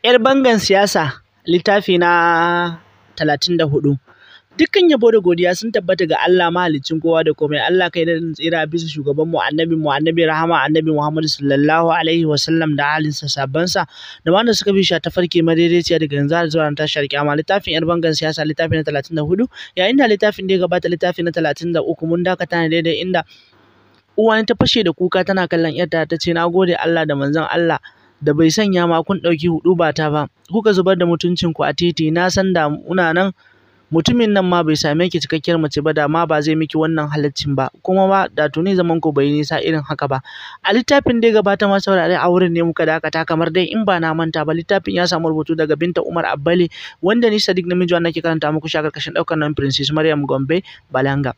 'Yar bangan siyasa littafi na 34, Dukkan yabo da godiya sun tabbata ga Allah mahaliccin kowa da komai Allah kai da tsira bisa shugaban mu annabi mu annabi rahama annabi Muhammad sallallahu alaihi wasallam da halin sa sabban sa da wanda suka bi sha ta farke madaidaiciya daga yanzu har zuwa ta sharki amma littafin yar bangan siyasa littafi na 34 yayin da littafin da ya gabata littafi na 33 mun dakata ne daidai inda uwa ta fashe da kuka tana kallon yarta ta ce "Na gode, Allah da manzon Allah da bai sanya ma kun ɗauki bata ba kuka zubar da mutuncinku a titi na san da muna nan mutumin nan ma bai same ki cikakkiyar mace ba da ma ba zai miki wannan halaccin ba kuma ba da tuni zaman ku bai nisa irin haka ba a littafin dai gabata ma saurare a wurin ne muka dakata kamar dai in ba na manta ba littafin ya samu rubutu daga Binta Umar Abbali wanda ni Sadiq Namiji wannan ke karanta muku shagar kashin daukar nan Princess Maryam Gombe Balanga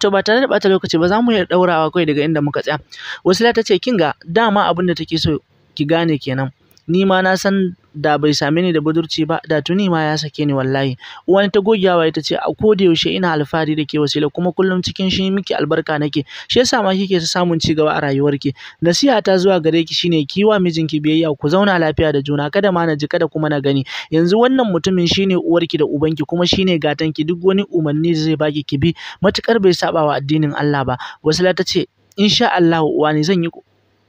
to ba tare da bata lokaci ba za mu iya daurawa kai daga inda muka tsaya wasila ta ce kinga dama abin da take so ki gane kenan ni ma na san da bai same ni da budurci ba da tuni ma ya sake ni wallahi wani ta gogewa ita ce a koda yaushe ina alfahari da ke wasila kuma kullum cikin shi miki albarka nake shi yasa ma kike samun ci gaba a rayuwarki nasiha ta zuwa gare ki shine ki wa mijinki biyayya ku zauna lafiya da juna kada ma na ji kada kuma na gani yanzu wannan mutumin shine uwarki da uban ki, kuma shine ki, duk wani umarni zai baki ki bi matukar bai saba wa addinin Allah ba wasila ta ce insha Allah uwa zan yi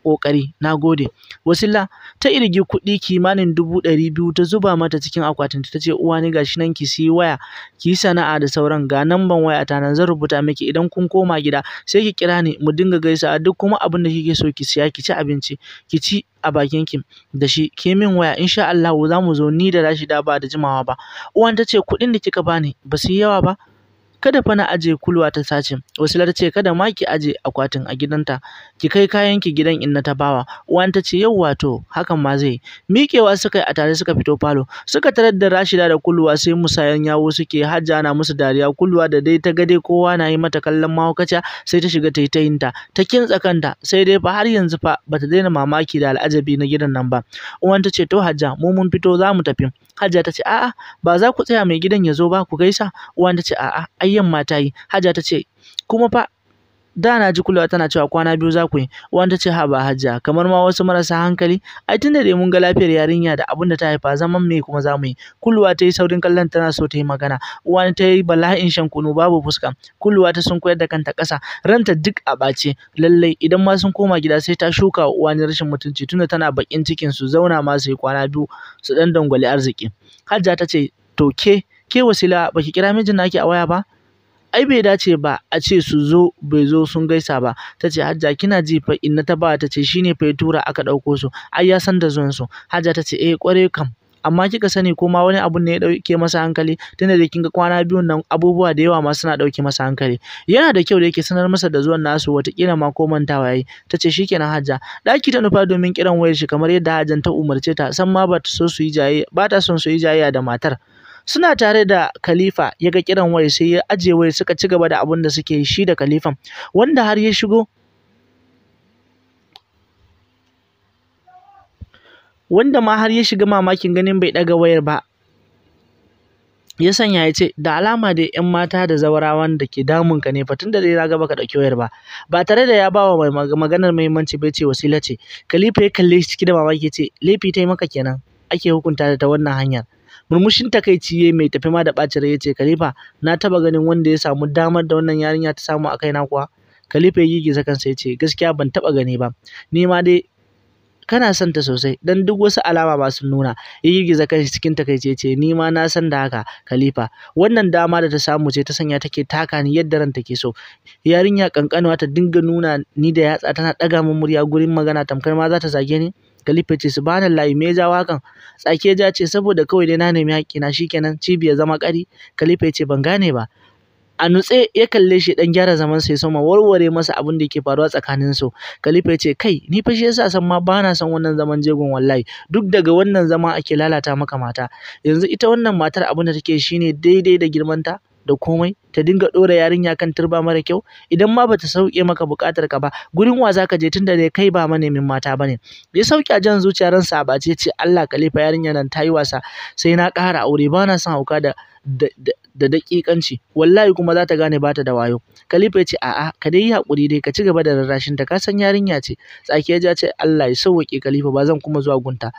ƙoƙari. Na gode. Wasila ta irgi kuɗi kimanin dubu ɗari biyu ta zuba mata cikin akwatinta ta ce uwani shi nan ki siyi waya ki yi sana'a da sauran ga namban wayata nan zan rubuta miki idan kun koma gida sai ki kira ni mu dinga gaisawa duk kuma abin da kike so ki siya ki ci abinci ki ci a bakin ki da shi ki min waya insha Allah za mu zo ni da Rashida ba da jimawa ba. Uwan ta ce kuɗin da kika bani ba su yi yawa ba kada fa na aje kulwa ta sace wasila ta ce kada ma ki aje akwatin a gidanta ki kai kayan ki gidan in na ta bawa uwan ta ce yau wato hakan ma zai miƙewa suka yi a tare suka fito falo suka tarar da Rashida da kulwa sai musayan yawo suke hajja na musu dariya kulwa da dai ta gade kowa na yi mata kallon mahaukaciya sai ta shiga ta yi ta yinta ta kintsa kanta sai dai fa har yanzu fa bata daina mamaki da al'ajabi na gidan nan ba uwan ta ce to hajja mu mun fito za mu tafi hajja ta ce a'a ba za ku tsaya mai gidan ya zo ba ku gaisa uwan ta ce a'a ai yamma ta yi Hajiya ta ce kuma fa da na ji kulawa tana cewa kwana biyu za ku yi wani ta ce ha ba hajja kamar ma wasu marasa hankali ai tun da mun ga lafiyar yarinya da abin da ta haifa zaman me kuma za mu yi kulawa ta yi saurin kallon tana so ta yi magana wani ta yi bala'in shan kunu babu fuska kulwa ta sun koyar da kanta ƙasa ranta duk a ɓace lallai idan ma sun koma gida sai ta shuka wa rashin mutunci tunda tana bakin cikin su zauna ma su yi kwana biyu su dan dangwali arziki hajja ta ce to ke ke wasila baki kira mijin naki a waya ba ai bai dace ba a ce su zo bai zo sun gaisa ba ta ce hajja kina ji fa inna ta ba ta ce shine fa ya tura aka ɗauko su ai ya san da zuwan su hajja ta ce eh kwarai kam amma kika sani ko ma wani abu ne ya dauke masa hankali tunda da kinga kwana biyun nan abubuwa da yawa ma suna dauke masa hankali yana da kyau da yake sanar masa da zuwan nasu watakila ma ko mantawa yayi ce shikenan hajja daki ta nufa domin kiran wayar shi kamar yadda hajjan ta umarce ta san ma bata so su yi jaye ta son su yi jayayya da matar suna tare da khalifa ya ga kiran wayar sai ya ajiye wayar suka ci gaba da abin da suke shi da khalifan wanda har ya shigo wanda ma har ya shiga mamakin ganin bai daga wayar ba ya sanya ya ce da alama da yan mata da zawarawan da ke damun ka ne fatun da dai na gaba ka dauki wayar ba ba tare da ya bawa maganar muhimmanci bai ce wasila ce khalifa ya kalle shi ciki da mamaki ce laifi ta yi maka kenan ake hukunta da ta wannan hanyar murmushin takaici yayi mai tafi ma da ɓacin rai yace Khalifa na taba ganin wanda ya samu damar da wannan yarinya ta samu a kaina kuwa Khalifa ya girgiza kansa yace gaskiya ban taba gani ba ni ma dai kana son ta sosai dan duk wasu alama ba sun nuna ya girgiza kansa cikin takaici ce ni ma na san da haka khalifa wannan dama da ta samu ce ta sanya take taka ni yadda ran take so yarinya kankanuwa ta dinga nuna ni da yatsa tana daga min murya gurin magana tamkar ma za ta zage ni Khalifa ya ce subhanallahi me ya ja waƙan? ja ce saboda kawai dai na nemi na shikenan kenan. Cibiyar zama ƙari. Khalifa ce ban gane ba. A nutse ya kalle shi dan gyara zaman sa ya soma warware masa abin da yake faruwa tsakanin su. Khalifa ce kai ni fa shi yasa san ma bana son wannan zaman jegon wallahi duk daga wannan zama ake lalata maka mata. Yanzu ita wannan matar abin da take shine daidai da girman ta da komai ta dinga ɗora yarinya kan turba mara kyau idan ma bata sauke maka buƙatar ka ba gurin wa zaka je tunda dai kai ba manemin mata bane ya sauke jan zuciya ran sa ba ce ce Allah kalifa yarinya nan tayi wasa sai na kara, aure ba na son hauka da da daƙiƙanci wallahi kuma za ta gane bata da wayo kalifa ya ce a'a ka dai yi hakuri dai ka ci gaba da rarrashin ta ka san yarinya ce tsakiya ja ce Allah ya sauwaƙe kalifa ba zan kuma zuwa gunta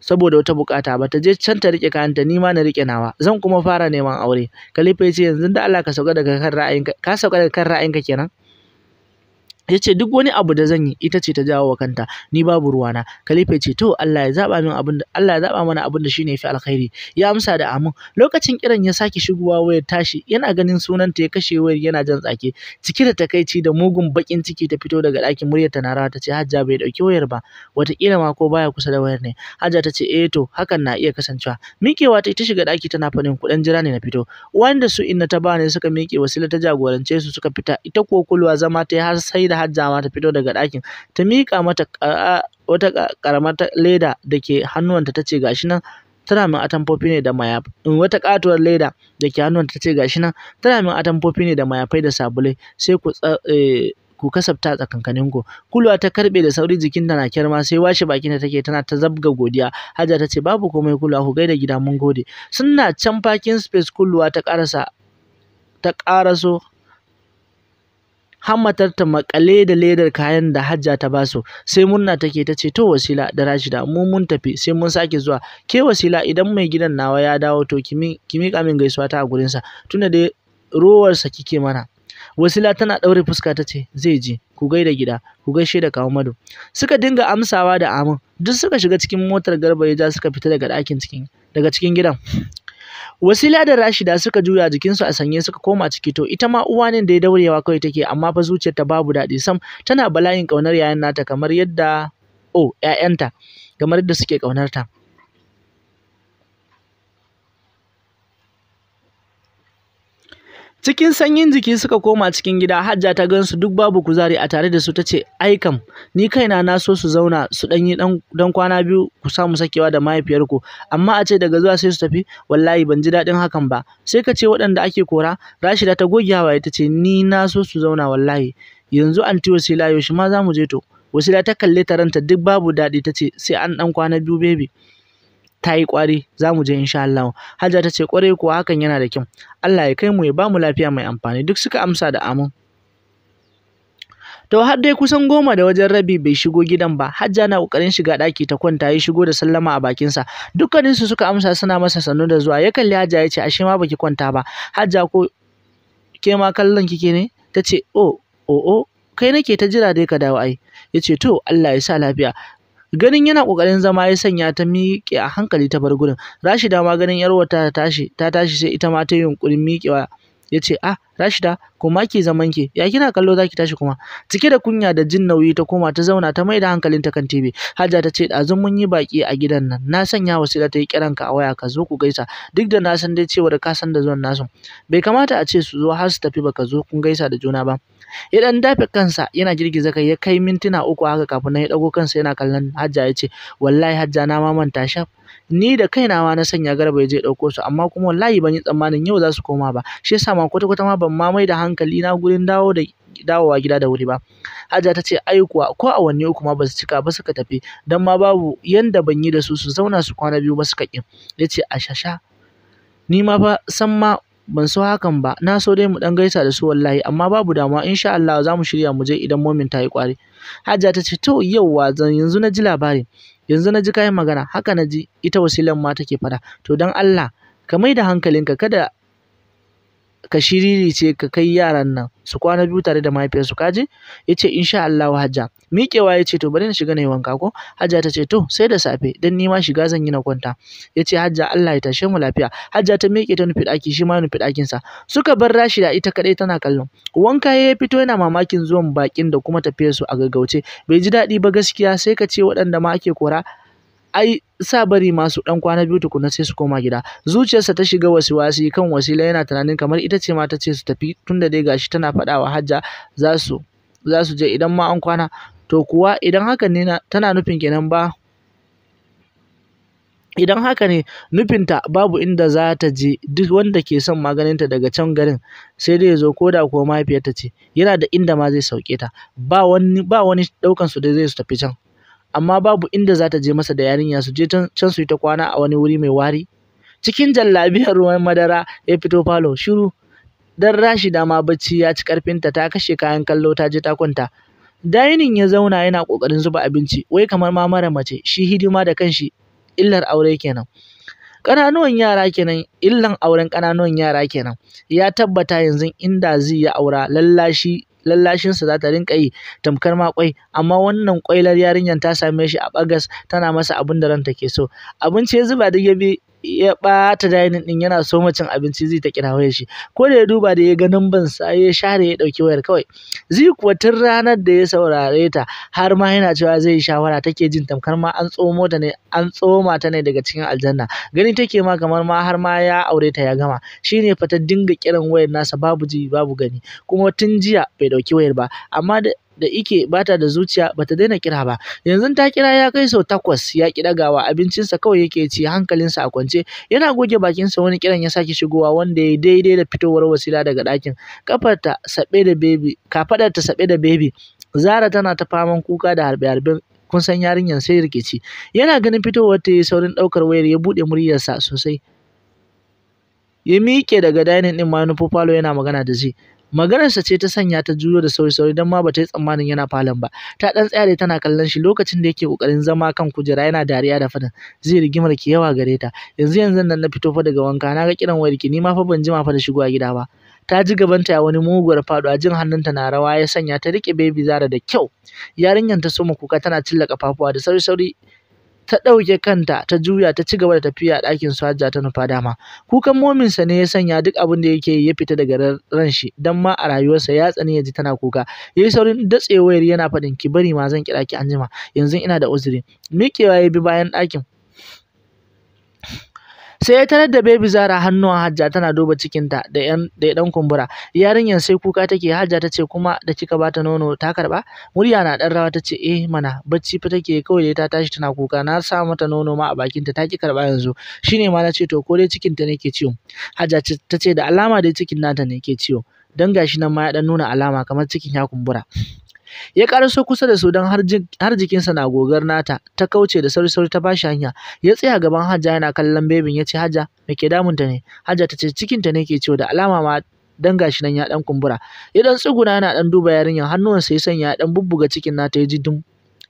saboda wata bukata ba ta je can ta rike kayanta ni ma na rike nawa zan kuma fara neman aure khalifa ya ce yanzu da Allah ka sauka daga kan ra'ayinka ka sauka daga kan ra'ayinka kenan ya ce duk wani abu da zan yi ita ce ta jawo wa kanta ni babu ruwana khalifa ce to Allah ya zaba min abin Allah ya zaba mana abin da shine yafi alkhairi ya amsa da amin lokacin kiran ya sake shigowa wayar tashi yana ganin sunanta ya kashe wayar yana jan tsake ciki da takaici da mugun bakin ciki ta fito daga ɗakin muryar ta rawa ta ce hajja bai dauki wayar ba wataƙila ma ko baya kusa da wayar ne hajja ta ce eh to hakan na iya kasancewa miƙewa ta ita shiga ɗaki tana fadin kuɗin jira ne na fito wanda su inna ta bani suka mike wasila ta jagorance su suka fita ita kuwa zama ta har sai Hajja ma ta fito daga ɗakin ta miƙa mata wata ƙaramar leda da ke hannuwanta ta ce gashi nan tana min atamfofi ne da mayafai wata katuwar leda da ke hannuwanta ta ce gashi nan tana min atamfofi ne da mayafai da sabulai sai ku eh, ku kasafta tsakankaninku kulwa ta karbe da sauri jikinta na kyarma sai washe bakin da take tana ta zabga godiya hajja ta ce babu komai kulwa ku gaida gida mun gode suna can fakin space kulwa ta karasa ta karaso hammatar ta makale da ledar kayan da Hajja ta basu sai murna take ta ce to Wasila da Rashida mu mun tafi sai mun sake zuwa ke Wasila idan mai gidan nawa ya dawo to ki mika min gaisuwa ta a gurin sa tunda dai sa kike mana Wasila tana daure fuska ta ce zai je ku gaida gida ku gaishe da kawo mado suka dinga amsawa da amin duk suka shiga cikin motar garba ya ja suka fita daga ɗakin cikin daga cikin gidan Wasila da Rashida suka juya jikinsu a sanye suka koma ciki to ita ma uwa ne da ya daurewa kawai take amma fa zuciyarta babu daɗi sam tana bala'in ƙaunar yayan nata kamar yadda oh ƴaƴanta kamar yadda suke ƙaunar ta. Cikin sanyin jiki suka koma cikin gida Hajja ta gansu duk babu kuzari a tare da su ta ce ai ni kaina na so su zauna su dan yi dan kwana biyu ku samu sakewa da mahaifiyarku amma a ce daga zuwa sai su tafi wallahi ban ji daɗin hakan ba sai ka ce waɗanda ake kora Rashida ta goge hawaye ta ce ni na so su zauna wallahi yanzu anti wasila yaushe ma za mu je to wasila ta kalle ta ranta duk babu daɗi ta ce sai an dan kwana biyu baby ta yi ƙwari za mu je insha Allah Hajiya ta ce ƙwarai kuwa hakan yana da kyau Allah ya kai mu ya ba mu lafiya mai amfani duk suka amsa da amin To har dai kusan goma da wajen rabi bai shigo gidan ba, Hajja na ƙoƙarin shiga ɗaki ta kwanta ya shigo da sallama a bakin sa dukkanin su suka amsa suna masa sannu da zuwa, ya kalli Hajja ya ce, ashe ma baki kwanta ba, Hajja ko ke ma kallon kike ne? Ta ce, o, oh, o, oh, o, oh, kai nake ta jira dai ka dawo ai. yace ce, to Allah ya sa lafiya, Ganin yana ƙoƙarin zama ya sanya ta miƙe a hankali ta bar gurin. Rashida ma ganin ‘yar wata ta tashi, ta tashi sai ita ma ta yi yunƙurin miƙewa. Ya ce, Ah, Rashida, ma ki zaman ki, ya kina kallo za ki tashi kuma. Cike da kunya da jin nauyi ta koma ta zauna ta maida hankalinta kan TV. Hajja ta ce, ɗazun mun yi baƙi a gidan nan, na sanya wasila ta yi kiranka a waya ka zo ku gaisa, duk da na san dai cewar ka san da zuwan nasu. Bai kamata a ce su zo har su tafi ba ka zo kun gaisa da juna ba. ya dan dafe kansa yana girgiza kai ya kai mintuna uku haka kafin nan ya dago kansa yana kallon hajja ya ce wallahi hajja na ma manta sha. ni da kaina ma na sanya garba je dauko su amma kuma wallahi ban yi tsammanin yau za su koma ba shi yasa ma kwata kwata ma ban ma mai da hankali na gurin dawo da dawowa gida da wuri ba hajja ta ce ai kuwa ko wanne uku ma ba su cika ba suka tafi dan ma babu yanda ban yi da su su zauna su kwana biyu ba suka kin yace a shasha ni ma fa san ma Ban so hakan ba. Na so dai mu ɗan gaisa da su wallahi amma babu damuwa insha Allah za mu shirya mu je idan momin ta yi ƙwari. Hajiya ta ce to yauwa yanzu na ji labari. Yanzu na ji kai magana. Haka na ji ita wasilan ma take faɗa. To dan Allah ka mai da hankalinka kada ka ce ka kai yaran nan su kwana biyu tare da mahaifiyarsu kaje? yace Ya ce insha Allah hajja miƙewa ya ce to bari na shiga na yi wanka ko hajja ta ce to sai da safe dan ni shiga zan yi na kwanta ya ce hajja Allah ya tashe mu lafiya hajja ta miƙe ta nufi ɗaki shi ma ya nufi ɗakinsa suka bar Rashida ita kaɗai tana kallon wanka ya fito yana mamakin zuwan baƙin da kuma tafiyar su a gaggauce bai ji daɗi ba gaskiya sai ka ce waɗanda ma ake kora ai sa bari masu dan kwana biyu tukuna sai su koma gida zuciyarsa ta shiga wasiwasi kan wasila yana tunanin kamar ita ce ma ta ce su tafi tunda dai gashi tana faɗawa wa hajja za su za su je idan ma an kwana To kuwa idan haka ne tana nufin kenan ba idan haka ne nufinta babu inda za ta je duk wanda ke son maganinta daga can garin sai dai ya zo ko da kuwa mahaifiyarta ce yana da inda ma zai sauke ta ba wani ba wani ɗaukan su da zai su tafi can amma babu inda za ta je masa da yarinya su je can su yi ta kwana a wani wuri mai wari cikin jallabiyar ruwan madara ya fito falo shiru dan rashi dama bacci ya ci karfinta ta kashe kayan kallo ta je ta kwanta Dainin ya zauna yana ƙoƙarin zuba abinci, wai kamar ma mara mace, shi hidima da kanshi, illar aure kenan. Ƙananuwan yara kenan, illan auren ƙananuwan yara kenan. Ya tabbata yanzu inda zai ya aura lallashi lallashinsa za ta rinƙa yi tamkar ma ƙwai, amma wannan ƙwailar yarinyar ta same shi a ɓagas tana masa abin da ranta ke so. Abinci ya zuba duk ya ya ɓata dining ɗin, yana so cin abinci zai ta kira wayar shi ko da ya duba da ya ga numban sa ya share ya dauki wayar kawai zai kuwa tun ranar da ya saurare ta har ma yana cewa zai yi shawara take jin tamkar ma an tsomo ta ne an tsoma ta ne daga cikin aljanna gani take ma kamar ma har ma ya aure ta ya gama shine fa ta dinga kiran wayar nasa babu ji babu gani kuma tun jiya bai dauki wayar ba amma da ike bata da zuciya bata daina kira ba yanzu ta kira ya kai sau takwas ya ki dagawa abincinsa kawai yake ci hankalinsa a kwance yana goge bakinsa wani kiran ya sake shigowa wanda ya daidai da fitowar wasila daga ɗakin kafarta saɓe da bebi saɓe da bebi zara tana ta faman kuka da harbe-harben kun san yarinyar sai rikici yana ganin fitowar ta yi saurin ɗaukar wayar ya buɗe muryarsa sosai ya miƙe daga dainin ɗin ma falo yana magana da zai Maganarsa ce ta sanya ta juyo da sauri-sauri don ma ba ta yi tsammanin yana falon ba. Ta ɗan tsaya tana kallon shi lokacin da yake kokarin zama kan kujera yana dariya da faɗin zai rigimar ki yawa gare ta. Yanzu yanzu nan na fito fa daga wanka na ga kiran wayar ki ni ma fa ban jima fa da shigowa gida ba. Ta ji gabanta ya wani muguwar fado a jin hannunta na rawa ya sanya ta rike baby Zara da kyau. Yarinyar ta soma kuka tana cilla kafafuwa da sauri-sauri ta ɗauke kanta ta juya ta ci gaba da tafiya a ɗakin su hajja ta nufa dama kukan mominsa ne ya sanya duk abin da yake ya fita daga ran shi dan ma a rayuwarsa ya tsani ya ji tana kuka Ya yi saurin datse wayar yana faɗin ki bari ma zan kira ki anjima yanzu ina da uzuri miƙewa ya bi bayan ɗakin sai ya tarar da baby zara hannuwa hajja tana duba cikinta da yan da dan kumbura yarinyar sai kuka take hajja tace kuma da kika bata nono ta karba murya na dan rawa ta ce eh mana bacci fa take kawai ta tashi tana kuka na sa mata nono ma a bakinta ta ki karba yanzu shine ma na ce to ko dai cikinta ne ke ciwo hajja ta da alama dai cikin nata ne ke ciwo dan gashi nan ma ya dan nuna alama kamar cikin ya kumbura ya karaso kusa da su don har jikinsa na gogar nata ta kauce da sauri-sauri ta bashi hanya ya tsaya gaban hajja yana kallon bebin ya ce hajja me ke damunta ne hajja ta ce cikinta ne ke ciwo da alama ma dan gashi nan ya dan kumbura ya dan tsuguna yana dan duba yarinyar hannuwansa ya sanya ya dan bubbuga cikin nata ya ji dum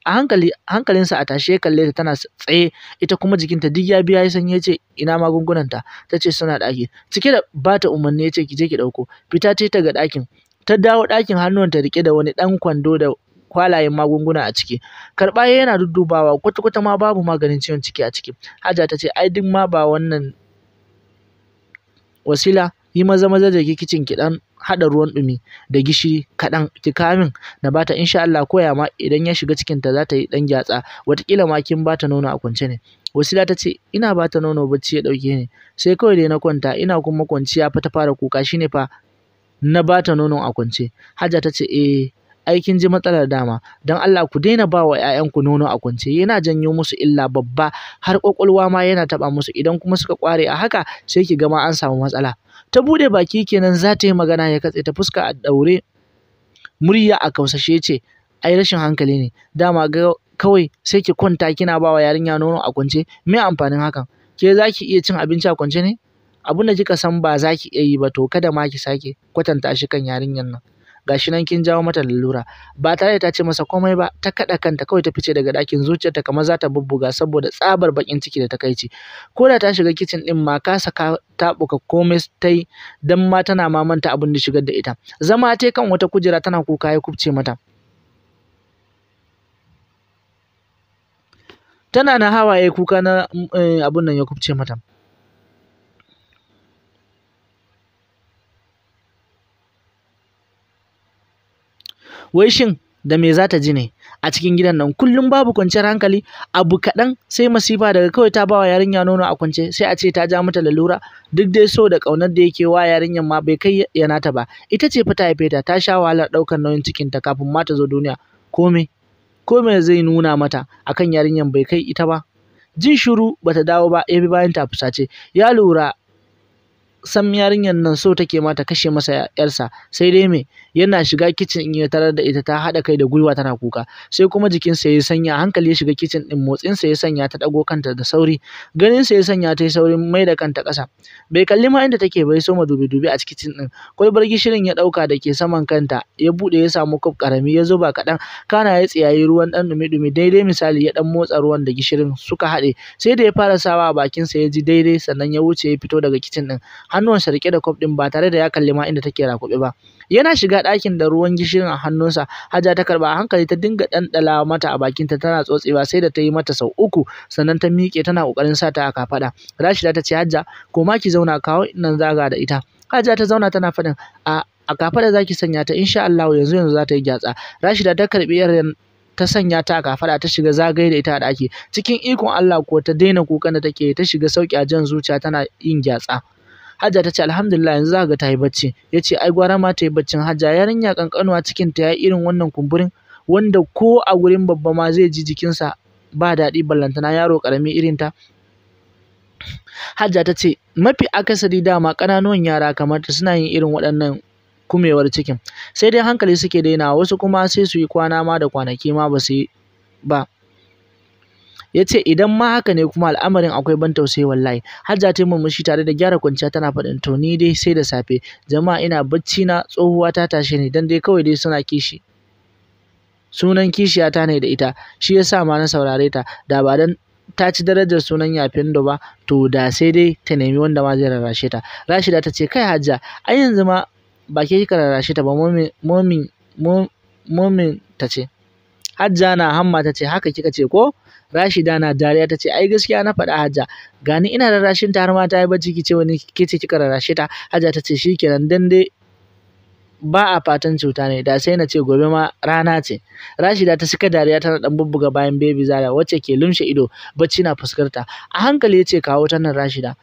a hankali hankalinsa a tashe ya kalle ta tana tsaye ita kuma jikinta duk ya biya ya sanya ya ce ina magungunan ta ce suna ɗaki cike da bata umarni ya ce ki je ki ɗauko fita ce ta ga ɗakin ta dawo ɗakin hannuwanta riƙe da wani ɗan kwando da kwalayen magunguna a ciki karɓa yana dudubawa kwata-kwata ma babu maganin ciwon ciki a ciki hajiya ta ce ai duk ma ba wannan wasila yi maza maza da kicin ki dan hada ruwan dumi da gishiri kaɗan ki kamin na bata insha Allah koya ma idan ya shiga cikin ta za ta yi dan gyatsa watakila ma kin bata nono a kwance ne wasila ta ce ina bata nono bacci ya ɗauke ni sai kawai dai na kwanta ina kuma kwanciya fa ta fara kuka shine fa na ba ta nonon a kwance. Hajiya ta ce, e! ai kin ji matsalar dama, don Allah ku daina ba wa ‘ya'yanku nono a kwance, yana janyo musu illa babba har ƙwaƙwalwa ma yana taɓa musu idan kuma suka ƙware a haka sai ki gama an samu matsala. Ta buɗe baki kenan za ta yi magana ya katse ta fuska a ɗaure, murya a kausashe ce, ai rashin hankali ne, dama ga kawai sai ki kwanta kina ba wa yarinya nono a kwance, me amfanin hakan? Ke za ki iya cin abinci a kwance ne? abun da kika san ba za ki iya yi ba to kada ma ki sake kwatanta shi kan yarinyar nan gashi nan kin jawo mata lalura ba tare da ta ce masa komai ba ta kada kanta kawai ta fice daga ɗakin zuciyarta kamar za ta bubbuga saboda tsabar bakin ciki da takaici ko da ta shiga kicin ɗin ma kasa ta buka komai ta yi dan ma tana ma manta abin da shigar da ita zama ta kan wata kujera tana kuka ya kubce mata tana na hawaye kuka na eh, abun nan ya kubce mata wai shin da me za ta ji ne a cikin gidan nan kullum babu kwanciyar hankali abu kaɗan sai masifa daga kawai ta bawa yarinya nono a kwance sai a ce ta ja mata lalura duk dai so da ƙaunar da yake wa yarinyar ma bai kai ya nata ba ita ce fita ta haife ta ta sha wahalar ɗaukar nauyin cikin ta kafin ma ta zo duniya kome kome zai nuna mata akan yarinyar bai kai ita ba jin shiru bata dawo ba ya bi bayan ta fusace ya lura san yarinyar nan so take mata kashe masa yarsa sai dai me yana shiga kicin in ya tarar da ita ta haɗa kai da gwiwa tana kuka sai kuma jikinsa ya sanya hankali ya shiga kicin din sa ya sanya ta dago kanta da sauri ganin sa ya sanya ta yi saurin mai da kanta ƙasa bai kalli ma inda take bai soma dubi-dubi a kicin din kwalbar gishirin ya ɗauka da ke saman kanta ya buɗe ya samu kwaf karami ya zuba kadan kana ya tsiyayi ruwan dan dumi dumi daidai misali ya ɗan motsa ruwan da gishirin suka haɗe sai da ya fara sawa a sa ya ji daidai sannan ya wuce ya fito daga kicin din sa rike da kwaf din ba tare da ya kalli ma inda take rakube ba yana shiga ɗakin da ruwan gishirin a hannunsa. Hajiya ta karɓa a hankali ta dinga ɗanɗala mata a bakinta tana tsotsewa sai da ta yi mata sau uku sannan ta miƙe tana ƙoƙarin sa ta a kafaɗa. Rashida ta ce Hajiya ma ki zauna kawo nan zaga da ita. Hajiya ta zauna tana faɗin a a kafaɗa za ki sanya ta insha Allah yanzu yanzu za ta yi gyatsa. Rashida ta karɓi yaran ta sanya ta a kafada ta shiga zagaye da ita a ɗaki cikin ikon Allah ko ta daina kukan da take ta shiga sauƙi a jan zuciya tana yin gyatsa. Hajiya ta ce alhamdulillah yanzu za ka ga ta yi bacci. Ya ce ai gwara ma ta yi baccin hajja yarinya ƙanƙanuwa ta ya yi irin wannan kumburin wanda ko a gurin babba ma zai ji jikinsa ba daɗi ballantana yaro ƙarami irin ta. Hajiya ta ce mafi akasari dama ƙananuwan yara kamar ta suna yin irin waɗannan kumewar cikin sai dai hankali suke dainawa wasu kuma sai su yi kwana ma da kwanaki ma ba su yi ba. ya ce idan ma haka ne kuma al'amarin akwai ban tausayi wallahi hajja ta murmushi tare da gyara kwanciya tana faɗin to ni dai sai da safe jama'a ina bacci na tsohuwa ta tashe ni dan dai kawai dai suna kishi sunan kishiyata ne da ita shi yasa ma na saurare ta da ba dan ta ci darajar sunan yafin da ba to da sai dai ta nemi wanda ma zai rarrashe ta rashida ta ce kai hajja ai yanzu ma ba ke kika rarrashe ta ba momin momin ta ce hajja na hamma ta ce haka kika ce ko Rashida na dariya ta ce ai gaskiya na faɗa Hajja gani ina rarrashin ta har ma ta yi bacci ki ce wani ke ce kika rarrashe ta Hajja ta ce shikenan dan dai ba a fatan cuta ne da sai na ce gobe ma rana ce rashida ta saka dariya tana dan bubbuga bayan baby zara wacce ke lumshe ido bacci na fuskarta a hankali ya ce kawo ta nan rashida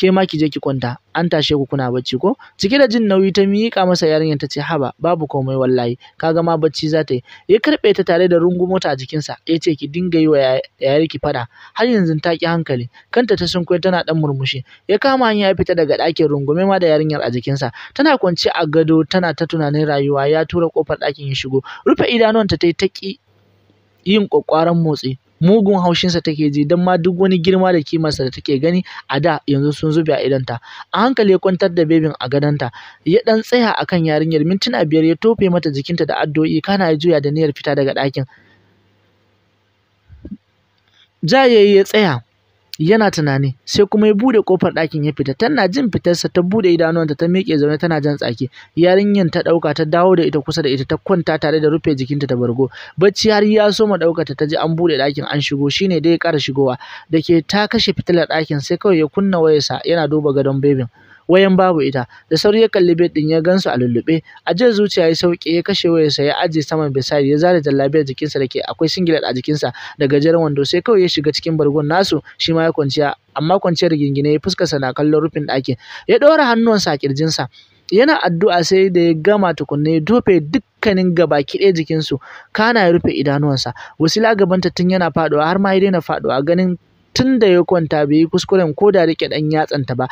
ke ma ki je ki kwanta an tashe ku kuna bacci ko cike da jin nauyi ta miƙa masa yarinyar ta ce haba babu komai wallahi kaga ma bacci za ta yi ya karɓe ta tare da rungumota a jikinsa ya ce ki dinga yi wa yayar ki faɗa har yanzu ta ƙi hankali kanta ta sunkwai tana ɗan murmushi ya kama hanya ya fita daga ɗakin rungume ma da yarinyar a jikinsa tana kwance a gado tana ta tunanin rayuwa ya tura ƙofar ɗakin ya shigo rufe idanuwanta ta yi ta ƙi yin ƙwaƙƙwaran motsi mugun haushinsa take ji don ma duk wani girma da kimarsa da take gani a da yanzu sun zube a idonta a hankali ya kwantar da bebin a gadonta ya dan tsaya akan yarinyar mintuna biyar ya tofe mata jikinta da addu'o'i kana ya juya da niyyar fita daga ɗakin ja ya ya tsaya yana tunani sai kuma ya bude kofar ɗakin ya fita tana jin fitarsa ta bude idanuwanta ta miƙe zaune tana jan tsaki yarinyar ta ɗauka ta dawo da ita kusa da ita ta kwanta tare da rufe jikinta ta bargo bacci har ya so ma ɗaukata ta ji an bude ɗakin an shigo shine dai ya ƙara shigowa da ke ta kashe fitilar ɗakin sai kawai ya kunna wayarsa yana duba gadon bebin wayan babu ita da sauri ya kalli bed din ya gansu a lullube a jin zuciya ya sauke ya kashe sa ya aje saman beside ya zare jallabiyar jikinsa da ke akwai singlet a jikinsa da gajeren wando sai kawai ya shiga cikin bargon nasu shi ma ya kwanciya amma kwanciyar gingine ya fuska na kallon rufin ɗakin ya ɗora hannuwansa a ƙirjinsa yana addu'a sai da ya gama tukunne ya dofe dukkanin gabaki kiɗe jikinsu kana ya rufe idanuwansa wasila gabanta tun yana faɗuwa har ma ya daina faɗuwa ganin tun da ya kwanta bai yi kuskuren ko da rike dan yatsanta ba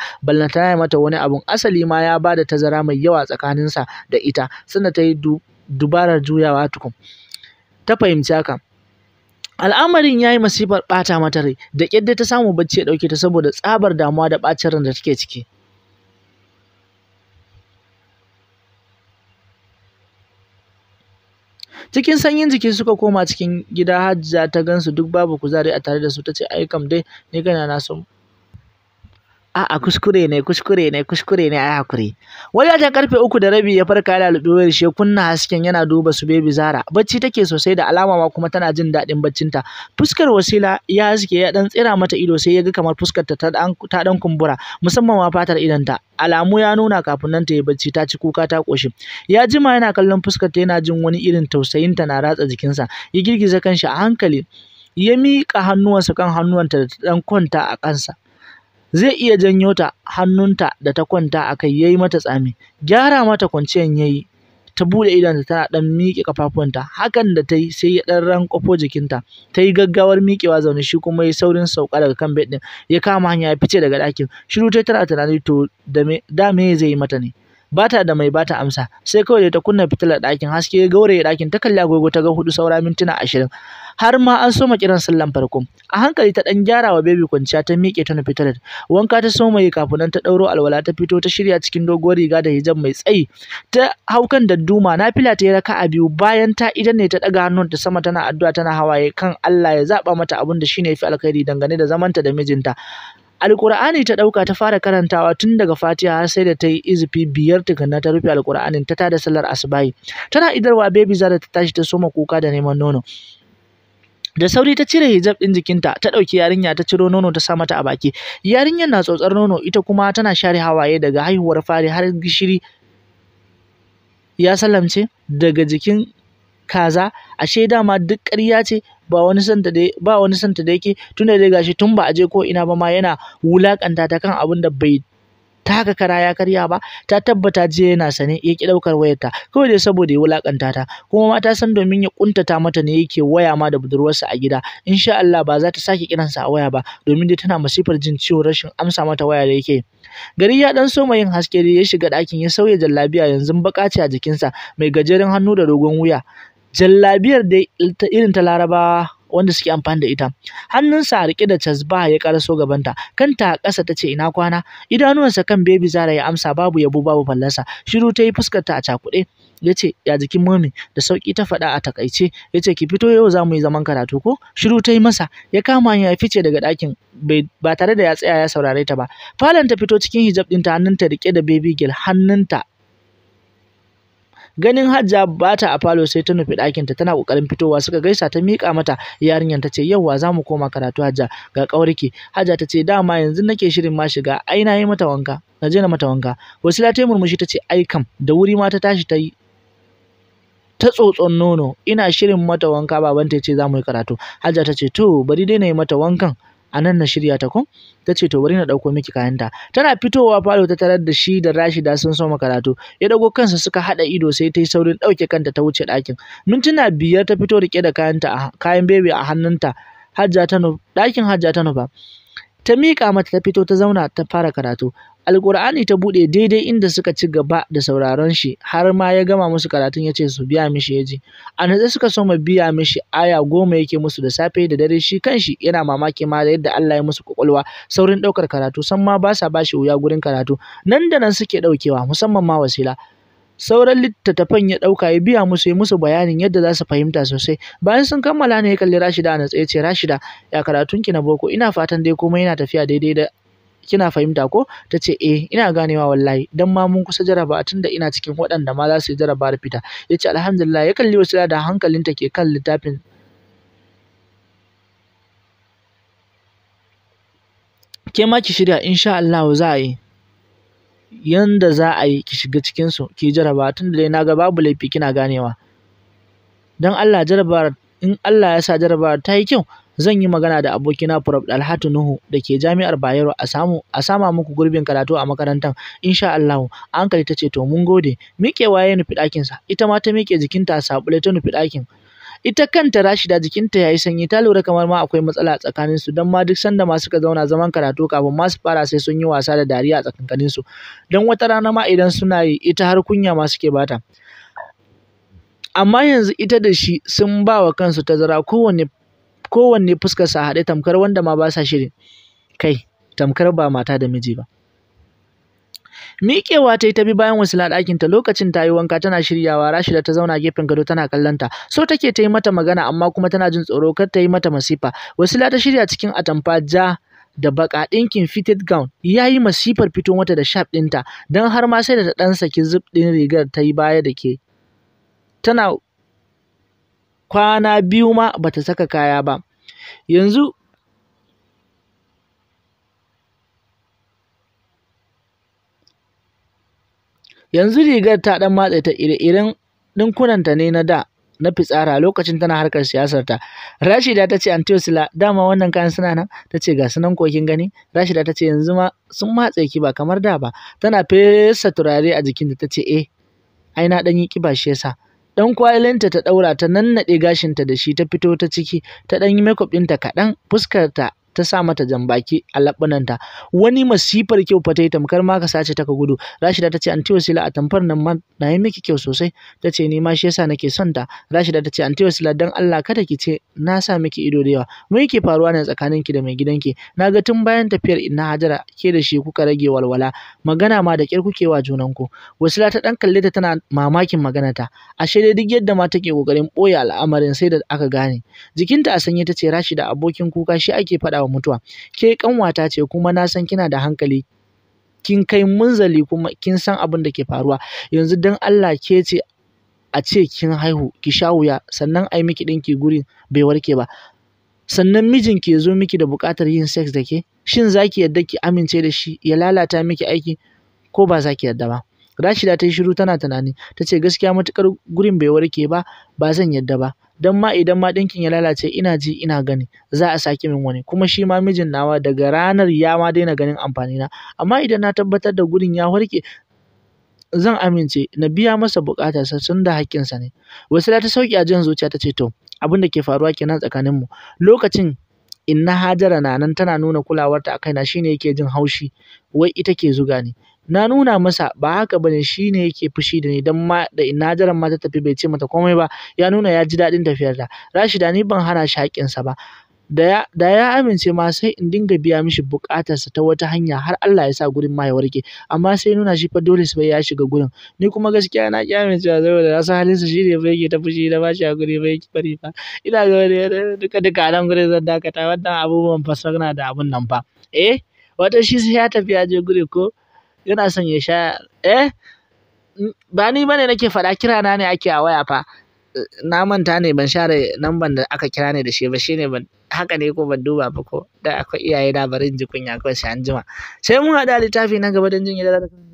ta yi mata wani abun asali ma ya bada tazara mai yawa tsakaninsa da ita sanda ta yi dubarar juyawa tukun ta fahimci haka Al'amarin ya yi masifar ɓata mata rai, da ƙyar ta samu bacci ya ɗauke ta saboda tsabar damuwa da ɓacin ran da take ciki. Cikin sanyin jiki suka koma cikin gida Hajja ta gansu duk babu kuzari a tare da su ta ce ai kam dai ni gana na A'a kuskure ne kuskure ne kuskure ne ai hakuri. Wajajen karfe uku da rabi ya farka yana wayar shi kunna hasken yana duba su Bebi Zara. Bacci take sosai da alama ma kuma tana jin daɗin baccinta. Fuskar Wasila ya haske ya dan tsira mata ido sai ya ga kamar fuskar ta ta dan kumbura musamman ma fatar ta. Alamu ya nuna kafin nan ta yi bacci ta ci kuka ta koshi. Ya jima yana kallon fuskar ta yana jin wani irin tausayinta na ratsa jikinsa. Ya girgiza kanshi a hankali. Ya miƙa hannuwansa kan hannuwanta da ta dan kwanta a kansa. zai iya janyo ta hannunta da ta kwanta a kai ya yi mata tsami gyara mata kwanciyar ya yi ta buɗe idonta tana ɗan miƙe ƙafafuwanta hakan da ta yi sai ya ɗan ran rankwafo jikinta ta yi gaggawar miƙewa zaune shi kuma ya saurin sauka daga kan bed ɗin ya kama hanya ya fice daga ɗakin shiru ta tana tunani to da me zai yi mata ne bata da mai bata amsa sai kawai da ta kunna fitilar ɗakin haske ya gauraye ɗakin ta kalli agogo ta ga hudu saura mintuna ashirin har ma an soma kiran sallan farko a hankali ta dan gyara wa bebi kwanciya ta miƙe ta nufi wanka ta soma yi kafin nan ta ɗauro alwala ta fito ta shirya cikin doguwar riga da hijab mai tsayi ta haukan da duma fila ta yi raka a biyu bayan ta idan ne ta ɗaga ta sama tana addu'a tana hawaye kan Allah ya zaɓa mata abin da shine fi alkhairi dangane da zamanta da mijinta alƙur'ani ta ɗauka ta fara karantawa tun daga fatiha har sai da ta yi izifi biyar tukunna ta rufe Alƙur'ani ta tada sallar asubahi tana idarwa baby zara ta tashi ta soma kuka da neman nono da sauri ta cire hijab ɗin jikinta ta ɗauki yarinya ta ciro nono ta sa mata a baki yarinyar na tsotsar nono ita kuma tana share hawaye daga haihuwar fari har gishiri ya sallamce daga jikin kaza ashe dama duk ƙarya ce ba wani santa da ba wani santa da yake tunda dai gashi tun ba a je ko ina ba ma yana wulakanta ta kan abin da bai taka kara ya karya ba ta tabbata jiya yana sane ya ki daukar wayarta kawai dai saboda ya wulakanta ta kuma mata san domin ya kuntata mata ne yake waya ma da budurwarsa a gida insha Allah ba za ta sake kiransa a waya ba domin dai tana masifar jin ciwo rashin amsa mata waya da yake gari ya dan soma yin haske da ya shiga ɗakin ya sauya jallabiya yanzu baka a jikinsa mai gajeren hannu da dogon wuya jallabiyar dai irin ta larabawa wanda suke amfani da ita hannunsa a riƙe da casba ya ƙaraso gabanta kanta a ƙasa ta ce ina kwana idanuwansa kan bebi zara ya amsa babu yabo babu fallarsa shiru ta yi fuskarta a cakuɗe ya ce ya jikin mami da sauƙi ta faɗa a takaice ya ce ki fito yau za mu yi zaman karatu ko shiru ta yi masa ya kama ya fice daga ɗakin ba tare da ya tsaya ya saurare ta ba falon ta fito cikin hijab ɗinta hannunta riƙe da baby girl hannunta ganin hajja ba ta a falo sai ta nufi ɗakinta tana ƙoƙarin fitowa suka gaisa ta miƙa mata yarinyar ta ce yauwa za mu koma karatu hajja ga ƙauriki hajja ta ce dama yanzu nake shirin ma shiga ai na yi mata wanka na je na mata wanka wasila ta yi murmushi ta ce ai kam da wuri ma ta tashi ta yi ta tsotson nono ina shirin mata wanka babanta ya ce za mu yi karatu hajja ta ce to bari dai na yi mata wankan a nan na shirya ta ko ta ce to bari na ɗauko miki kayanta tana fitowa falo ta tarar da shi da Rashida sun soma karatu ya dago kansa suka haɗa ido sai ta yi saurin ɗauke kanta ta wuce ɗakin mintuna biyar ta fito rike da kayanta kayan bebe a hannunta hajja ta dakin hajja ta nufa ta miƙa mata ta fito ta zauna ta fara karatu Alƙur'ani ta buɗe daidai inda suka ci gaba da sauraron shi har ma ya gama musu karatun ya ce su biya mishi ya ji. A natse suka so mu biya mishi aya goma yake musu da safe da dare shi kan shi yana mamaki ma da yadda Allah ya musu kwakwalwa saurin ɗaukar karatu san ma ba sa bashi wuya gurin karatu nan da nan suke ɗaukewa musamman ma wasila. Sauran littattafan ya ɗauka ya biya musu ya musu bayanin yadda za su fahimta sosai. Bayan sun kammala ne ya kalli Rashida a natse ya ce Rashida ya karatunki na boko ina fatan dai komai yana tafiya daidai da kina fahimta ko ta ce eh ina ganewa wallahi dan ma mun kusa jaraba tunda ina cikin waɗanda ma za su yi jaraba fita ya ce alhamdulillah ya kalli wasila da hankalinta ke kan littafin ke ma ki shirya insha Allah za a yi yanda za a yi ki shiga cikin su ki jaraba tunda dai naga babu laifi kina ganewa dan Allah jarabar, in Allah ya sa jarabar ta yi kyau zan yi magana da abokina Prof Dalhatu Nuhu da ke Jami'ar Bayero a samu a sama muku gurbin karatu a makarantar insha Allah hankali ta ce to mun gode mike ya nufi ɗakin sa ita ma ta miƙe jikinta sabule ta nufi ɗakin ita kanta Rashida jikinta yayi sanyi ta lura kamar ma akwai matsala tsakanin su dan ma duk sanda ma suka zauna zaman karatu kafin ma su fara sai sun yi wasa da dariya a tsakankanin su dan wata rana ma idan suna yi ita har kunya ma suke bata amma yanzu ita da shi sun ba wa kansu tazara kowanne kowanne fuskar sa haɗe tamkar wanda ma ba sa shirin kai tamkar ba mata da miji ba miƙewa ta yi ta bi bayan wasila ɗakinta lokacin ta yi wanka tana shiryawa rashida ta zauna gefen gado tana kallon ta so take ta yi mata magana amma kuma tana jin tsoro kar ta yi mata masifa wasila ta shirya cikin atamfa ja da baka ɗinkin fitted gown ya yi masifar fito mata da shaf ɗinta don har ma sai da ta ɗan saki zub ɗin rigar ta yi baya da ke tana kwana biyu ma bata saka kaya ba yanzu yanzu rigar ta ɗan matse ta ire-iren ɗinkunanta ne na da na fitsara lokacin tana harkar siyasarta. Rashida ta ce Antiyosila dama wannan kayan suna nan ta ce ga sunan kokin gani. Rashida ta ce yanzu ma sun matse ki ba kamar da ba. Tana fesa turare a jikinta ta ce eh ai na ɗan yi kiba shi yasa. Dan kwalinta ta ɗaura ta nannaɗe gashinta da shi ta fito ta ciki ta ɗan yi makeup ɗinta kaɗan ta). ta sa mata jambaki a labbananta wani masifar kyau fa ta yi tamkar ma ka sace ta ka gudu Rashida ta ce anti wasila a tamfar nan ma na yi miki kyau sosai ta ce ni ma shi yasa nake son ta Rashida ta ce anti wasila dan Allah kada ki ce na sa miki ido da yawa mu yake faruwa ne ki da mai gidanki na ga tun bayan tafiyar inna Hajara ke da shi kuka rage walwala magana ma da kyar kuke wa junanku wasila ta dan kalle ta tana mamakin ta. ashe dai duk yadda ma take kokarin boye al'amarin sai da aka gane jikinta a sanye ta ce Rashida abokin kuka shi ake faɗa wa mutuwa ke kanwata ce kuma na san kina da hankali kin kai munzali kuma kin san abin da ke faruwa yanzu dan Allah ke ce a ce kin haihu ki sha wuya sannan ai miki ɗinki gurin bai warke ba sannan mijinki ya zo miki da buƙatar yin sex da ke shin za ki yarda ki amince da shi ya lalata miki aiki ko ba za ki yarda ba Rashida ta yi shiru tana tunani ta ce gaskiya matukar gurin bai warke ba ba zan yadda ba dan ma idan ma ɗinkin ya lalace ina ji ina gani za a sake min wani kuma shi ma mijin nawa daga ranar ya ma daina ganin amfani na amma idan na tabbatar da gudun ya warke zan amince na biya masa buƙatarsa tun da haƙƙinsa ne wasila ta sauƙi a jin zuciya ta ce to abin da ke faruwa kenan mu lokacin inna hajara na nan tana nuna kulawarta a kaina shine yake jin haushi wai ita ke zuga ni na nuna masa ba haka bane shi ne yake fushi da ni dan ma da jiran ma ta tafi bai ce mata komai ba ya nuna ya ji daɗin tafiyar tafiyarta Rashida ni ban hana shi haƙƙinsa ba da ya, amince ma sai in dinga biya mishi buƙatarsa ta wata hanya har Allah ya sa gurin ma ya warke amma sai nuna shi fa dole sai ya shiga gurin ni kuma gaskiya na ƙi amincewa saboda na san halinsa shi ne bai ta fushi da bashi guri bai ki bari fa ina ga wani duka duka nan gurin zan dakata wannan abubuwan fa na da abun nan fa eh wata shi sai ya tafi ya je guri ko yana son ya sha eh ba ni bane nake faɗa kira na ne ake a waya fa na manta ne ban share namban da aka kira ne da shi ba shine ban haka ne ko ban duba ba ko da akwai iyaye da barin jikunya kunya shi anjima an jima sai mun hada littafi na gaba don jin yadda